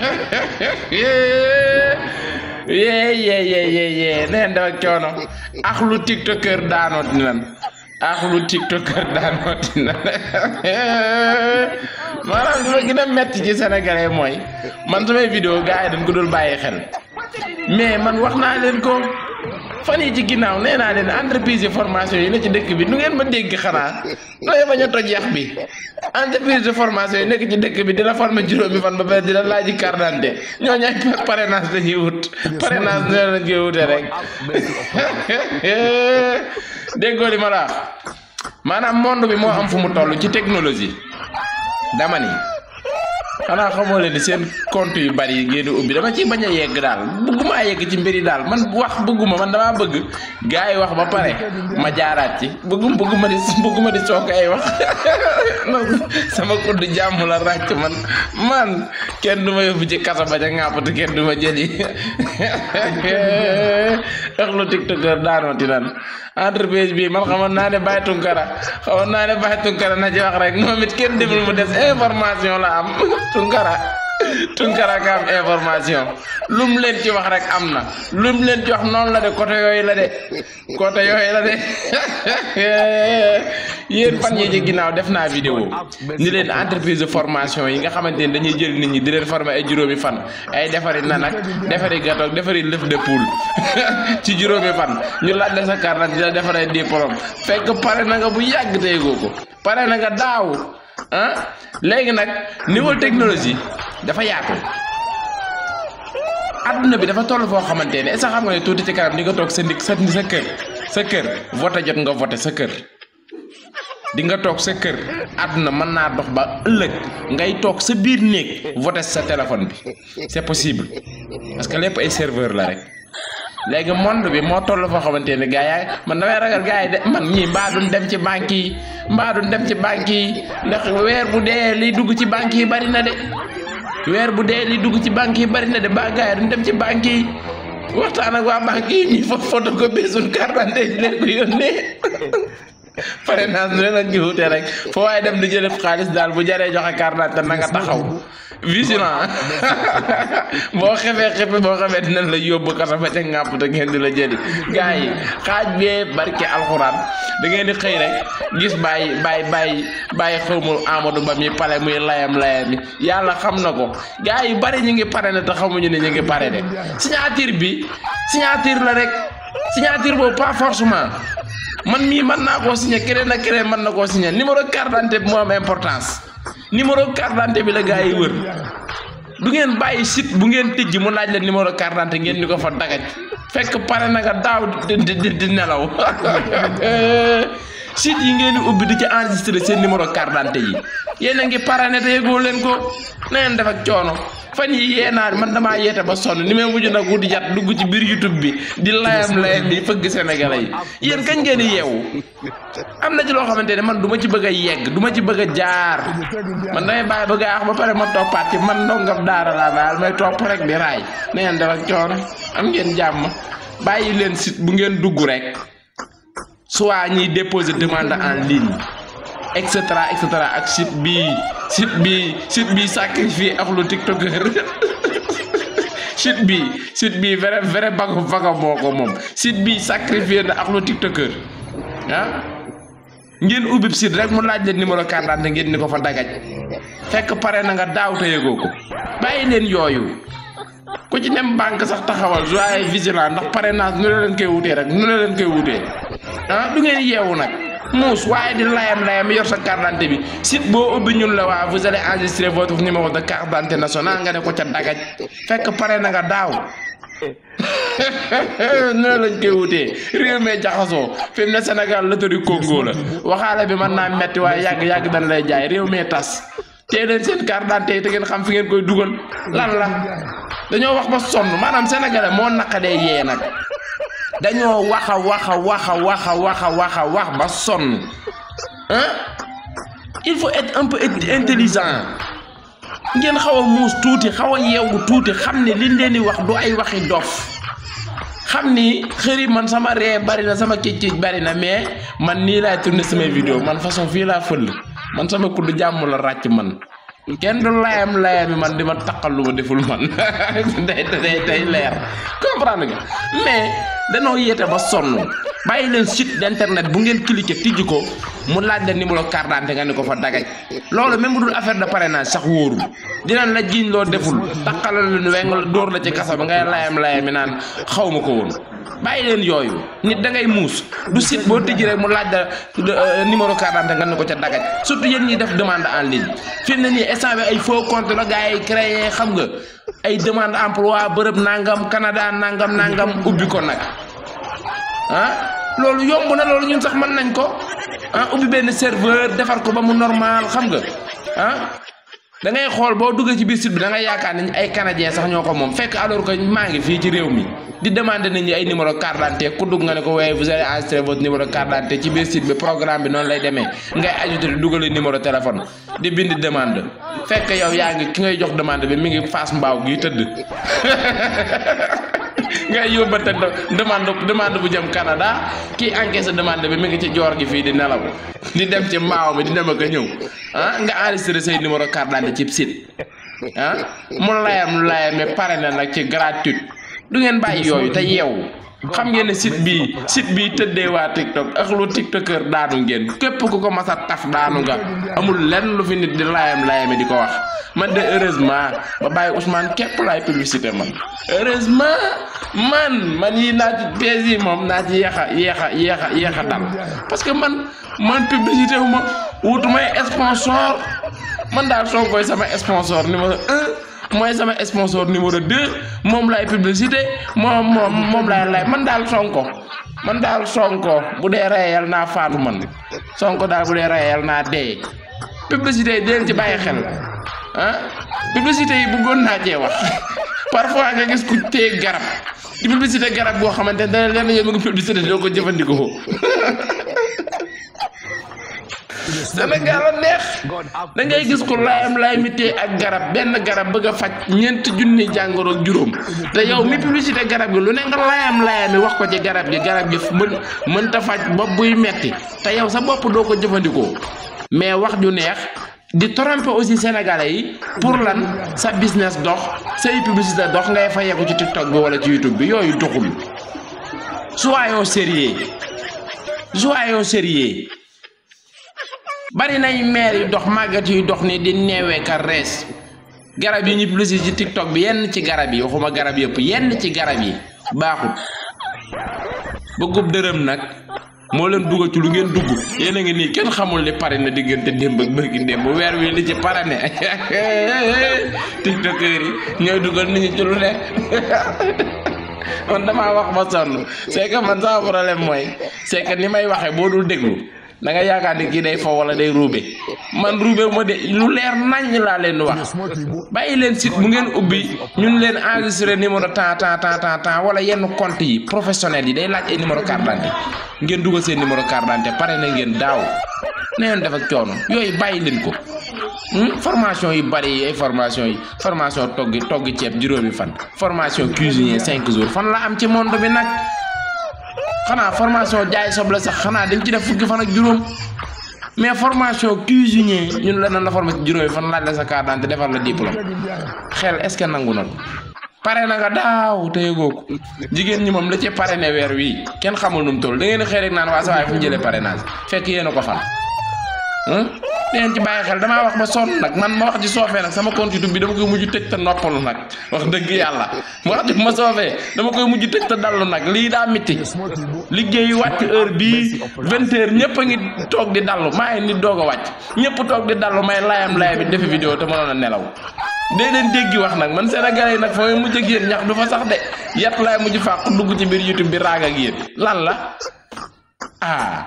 yee yee yee yee neen dafa coono ax lu tiktokeur daanooti nan ax lu tiktokeur daanooti nan metti ci sénégalais mooy man samay vidéo gars yi dañ ko dul bàyyi xel mais man wax naa leen ko. fan yi ci ginnaaw nee naa leen entreprise de formation yi ne ci dëkk bi nu ngeen ma dégg xanaa nooy bañ a toj yax bi entreprise de formation yi nekk ci dëkk bi dina former juróomi fan ba pare dina laaji carte d'identité ñoo ñaaj parrainage dañuy wut parrainage ne lañ koy wute rek déggoo li ma la maanaam monde bi moo am fu mu toll ci technologie dama ni xanaa xamoo leen seen compte yu bari yi ngeen ubbi dama ci bañ a yegg daal bëgguma yegg ci mbiri daal man wax bëgguma man dama bëgg gars yi wax ba pare ma jaaraat ci bëggum bëgguma di bëgguma di soog ay wax sama kudd jàmm la ràcc man man kenn du ma yóbbu ya ci kasa bañ a ŋàppati kenn du ma jëli wax lu tiktoker daanooti nan entreprise bi man xamoon naa ne Baye Tunkara xamoon naa ne Baye Tunkara na ci eh, wax rek moom it kenn demul mu des information la am Tounkara Tounkara nga am information lu mu leen ci wax rek am na lum leen ci wax noonu la de côté yooyu la de côté yooyu la de yéen fan yii ci ginnaaw def naa vidéo ni leen entreprise de formation yi nga xamante ni dañuy jël nit ñi di leen former ay juróomi fan ay defari nan ak defari gatoog defari lëf de poule ci juróomi fan ñu laaj la sa carte nag di la defaree diplôme fekk pare na bu yàgg tey ko pare na nga ah nak new niveau technologie dafa yaatu adduna bi dafa toll foo xamante ne est ce xam nga ne ci kanam di nga toog sa ndik sa sa kër sa kër vote jot nga vote sa kër di nga toog sa kër àdduna mën naa dox ba ëllëg ngay sa biir vote sa téléphone bi c'est possible parce que lépp ay serveur la rek léegi monde bi moo toll foo xamante ne gars yaa man damay ragal gars yi de man dem ci banque mbaadu dem ci banque yi ndax weer bu dee liy dugg ci banque yi bari na de weer bu dee liy dugg ci banque yi bari na de ba gaay duñ dem ci banque yi waxtaan ak waa banque yi ñu fa photo ko beesul carte d'identité leen ko yónnee pare naa ne nag jiwute rek foo waaye dem di jëlëf xaalis daal bu jaree joxe carte d'identité na nga taxaw vigilant boo xefee xefe boo xefee dinañ la yóbbu kasa fa ca ngàpp te ngeen di la jëli gars yi xaaj barke alxuraan da ngeen di xëy rek gis bàyyi bàyyi bàyyi bàyyi xawmul amadou ba mi pale muy layam layam yi yàlla xam na ko gars yi bari ñu ngi pare ne te xamuñu ne ñu ngi pare de signature bi signature la rek signature boobu pas forcément man mii mën naa koo signé keneen ak keneen mën na koo numéro carte d'identité bi moo am importance numéro carte d'identité bi gaa yi wër du ngeen bàyyi site bu ngeen tijji mu laaj la numéro carte d'identité ngeen di ko fa dagaj fekk pare na nga daaw di di di nelaw. site yi ngeen di ubbi ci enregistré seen numéro carte d'identité yi yéen a ngi parrainé te yëgoo leen ko na ngeen def ak coono fan yi yeenaar man damaa yeete ba sonn ni may mujj nag wuti yat dugg ci biir YouTube bi di layam layam di fëgg yéen kañ ngeen di yeewu am na ci loo xamante ne man duma ci bëgg a yegg duma ci bëgg a jaar man damay bàyyi bëgg a wax ba pare ma toppaat ci man ndongam daara laa daal may topp rek di raay na ngeen def ak coono am ngeen jàmm bàyyi leen sit bu ngeen dugg rek soit ñi déposer demande en ligne etc etc ak site bi site bi site bi sacrifié ak lu tiktoker, site bi site bi vrai vrai bago bago moko mom site bi sacrifié na ak lu tiktoker ha ah? ngeen ubib site rek mu laaj le numéro carte ngeen niko fa dagaj fekk paré na nga daaw te yego ko bayyi yoyu ku ci dem bank sax taxawal joie vigilant ndax na ñu leen koy wuté rek ñu leen koy wuté ah du ngeen yeewu nag muus waaye di layam-layam yor sa carte d'identité bi site boo ubbi ñun la waa vous allez enregistrer votre numéro de carte d'identité nationale nga ne ko ca dagaj fekk pare na nga daaw noonu lañ koy wutee réew mi jaxasoo fi mu ne Sénégal loterie Congo la waxaale bi mën naa metti waaye yàgg-yàgg dañ lay jaay réew mi tas tey leen seen carte d'identité te ngeen xam fi ngeen koy dugal lan la dañoo wax ba sonn maanaam sénégalais moo naqadee yee nag dañoo waxa waxa waxa waxa waxa waxa wax ba son hein il faut être un peu intelligent ngeen xaw mous touti tuuti xaw touti yeewu tuuti xam ne liñ leen wax du ay waxi dof xam ni man sama ree bari na sama kiccic bari na mais man nii laay tourné samay vidéo man façon fii laa fëll man sama kudd jàmm la ràcc man ken do layam layami man dima takkal lu ma deful man day day day leer comprendre nga mais danoo yeete ba sonn bàyyi leen site d'internet bu ngeen cliqué tijji ko mu laaj la numéro carte d'identité nga ni ko fa dagaj loolu même bu dul affaire de parrainage sax wóorul dinañ la jiñ loo deful taqalal lu nu weng dóor la ci kaso ba ngay layam layam mi naan xaw ma ko woon bàyyi leen yooyu nit da ngay muus du site boo tijji rek mu laaj la euh, numéro carte d'identité nga ni ko ca dagaj surtout yéen ñi def demande en ligne fi mu ne nii instant bi ay faux compte la gars yi xam nga ay demande emploi bërëb nangam Canada nangam nangam ubbi ko nag ah loolu yomb na loolu ñun sax man nañ ko ah ubbi benn serveur defar ko ba mu normal xam nga ah da ngay xool boo duggee ci biir site bi da yaakaar ne ay canadiens sax ñoo ko moom fekk alors que maa ngi fii ci réew mi. di demander nit ay numéro carte d'identité ku dugg nga ne ko waaye vous allez enregistrer votre numéro carte ci biir site bi programme bi noonu lay demee ngay ajouté di dugali numéro téléphone di bind demande fekk yow yaa ngi ki ngay jox demande bi mi ngi faas mbaaw gi tëdd ngay yóbbante demande demande bu jëm Canada kii encaissé demande bi mi ngi ci joor gi fii di nelaw di dem ci mbaaw mi di dem ak a ñëw ah nga enregistré say numéro carte d'identité ci site ah mu layam layame pare na ci gratuite du ngeen bàyyi yooyu te yeewu xam ngeen ne ah, site bii bi ah. bii tëddee waa TikTok ak lu tiktokeur daanu ngeen képp ku ko mas a taf daanu nga amul lenn lu fi nit di laayam laayame di ko wax man de heureusement ba bàyyi Ousmane képp laay publicité man heureusement man man yi naaj ci moom naa ci yeex a yeex a yeex a a dal parce que man man publicité wu ma wutumay sponsor man daal soo koy sama sponsor numéro un moy sama sponsor numéro 2 mom lay publicité mom mom mom lay lay man dal sonko man dal sonko bu dee reyal naa faatu man sonko dal bu dee reyal naa dee publicité yi ci baye xel hein ah? publicité bu gon na djé wax parfois nga gis ku té garab di publicité garab bo xamanté ne leen ngi publicité do ko jëfandikoo dama nga a neex da ngay gis ko laayam laay mitee ak garab ben garab bëgg fajj ñent ñeent junni jàngoro ak juróom te yow mi publicité garab gi lu ne nga laayam laayami wax ko ci garab gi garab gi mën mën ta fajj bopp buy metti te yow sa bop do ko jëfandikoo mais wax ju neex di tromper aussi sénégalais yi pour lan sa business dox say publicité dox ngay fayeeku ci tiktok bi wala ci youtube bi yooyu doxul soyons sérieux soyons sérieux bari nañ maire yu dox màggat yu dox ni di neewee ka res garab yi ñi plus ci tiktok bi yenn ci garab yi waxuma garab yëpp yenn ci garab yi baaxut bëggub dërëm nak mo leen duggal ci lu ngeen dugg yéen a ni kenn xamul li pare na digënté demb ak bëgg demb wër wi li ci pare ne tiktok yi ñoy duggal nit ñi ci lu ne man dama wax ba sonu c'est que man sama problème moy c'est que ni may waxé bo dul déglu da nga yaakaar ne kii day fo wala day ruube man ruube ma de lu leer naññ laa leen wax bàyyi leen site bu ngeen ubbi ñun leen enregistré numéro temps temps temps temps wala yenn compte yi professionnels yi day laaj ay numéro carte d'identité ngeen dugal seen numéro carte d'identité pare na ngeen daaw na ngeen def ak coono yooyu bàyyi leen ko hmm? formation yi bari yi ay yi formation togg togg ceeb juróomi fan formation cuisinier cinq jours fan la am ci monde xanaa formation jaay soble sax xanaa dañ ci def fukki fan ak juróom mais formation cuisinier ñun la nan la formé ci juróomi fan laaj la sa daan d'identité defar la diplôme xel est-ce que nangu na pare na nga daaw te yëgoo jigéen ñi moom la ci pare ne weer wii kenn xamul nu mu toll da ngeen xëy rek naan waa sa waaye fu ñu jëlee parrainage fekk yéen ko fan neen ci baye xel dama wax ba son nak man mo wax ci sofé nak sama compte YouTube bi dama koy muju tek ta noppalu nak wax deug yalla mo wax ji ma sofé dama koy muju tek ta dalu nak li da miti liggey wacc heure bi 20h ñepp ngi tok di dalu may ngi nit doog a wàcc ñëpp di dalu may layam lay bi def video te mënoon a nelaw de len deggi wax nak man Sénégalais yi nag fa may mujj ak ñax du fa sax de yat lay muju faq dugg ci bir YouTube bi raga ak yéen lan la ah